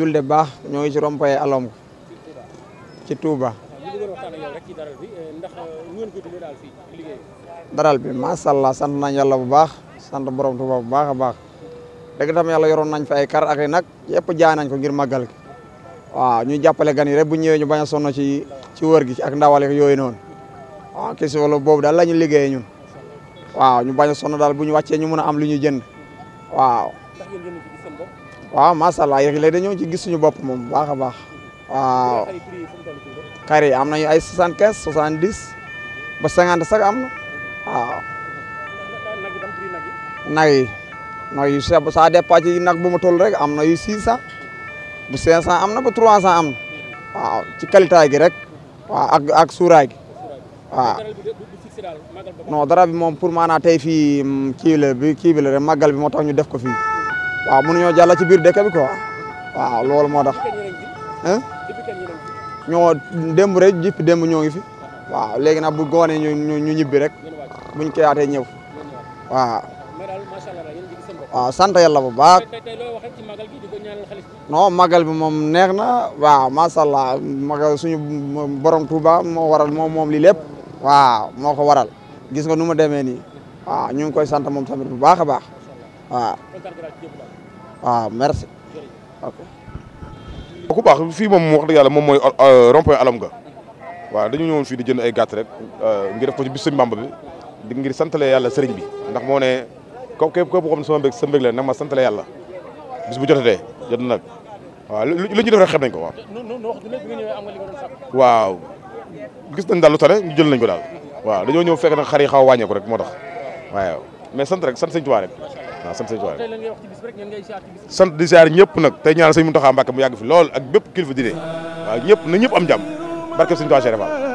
julde baax ñoo ngi ci rompaye alom ci Touba Eh, eh, daral bi sha allah sant nañ yalla bu baax sant borom Tuuba bu baax baax deug tam yalla yoron nañ fi ay kar ak nak yep yëpp nañ ko ngir magal gi ñu jappalé gan yi rek bu ñëw ñu baña sonno ci ci wër gi ak ndawal yooyu yoy waaw wa si wala boobu daal la ñu liggéeyee ñun waaw ñu baña sonno dal bu ñu wàccee ñu mëna am lu ñu jënd wa ma sha allah yéen lay dañu ci gis suñu bop mom baax baax waaw yi am nañu ay soixante quinze soixante dix ba cinquante sax am na waaw nag yi nag yu sa ça dépend ci bu ma toll rek am na yu six bu cinq am na ba trois cent am na waaw ci qualité gi rek waaw ak ak suuraay gi waaw non dara bi moom pour maanaam tey fii mm, kii la bi kii bi la rek màggal bi moo tax ñu def ko fii waaw mënuñoo jàll ci biir dëkk bi quoi waaw loolu moo tax ah ñoo démb rek jëpp démb ñoo ngi fi waaw léegi nag bu goonee ñu ñu ñibbi rek buñ koyaatee ñëw waaw waaw sant yàlla bu baax non magal bi moom neex na waaw macha allah magal suñu borom Touba moo waral moom moom lépp waaw moo ko waral gis nga nu ma demee nii waaw ñu ngi koy sant moom tamit bu baax a baax waaw waaw ku baax fii moom wax dëgg yàlla moom mooy euh, rond-point alam ga waaw dañu ñëwoon fii di jënd ay gàtt rek euh, ngir def ko ci bis sëñ Bamba bi di ngir santale yàlla sëriñ bi ndax moo ne ko képp képp koo xam ne sama mbég sa mbég la nag ma santale yàlla bis bu de jot nag waaw lu ñu def xam nañ ko waaw waaw gis nañ daal lu tane ñu jël nañ ko daal waaw dañoo ñëw fekk nag xar yi xaw a wàññeeku rek moo tax waaw mais sant rek sant sëñ Tuubaa rek waaw sant di siyaar ñëpp nag tey ñaan sëñ Muntaxa Mbàkke mu yàgg fi lool ak bépp kilifa diine waaw ñëpp na ñëpp am jàmm barke sëñ Tuubaa Cheikh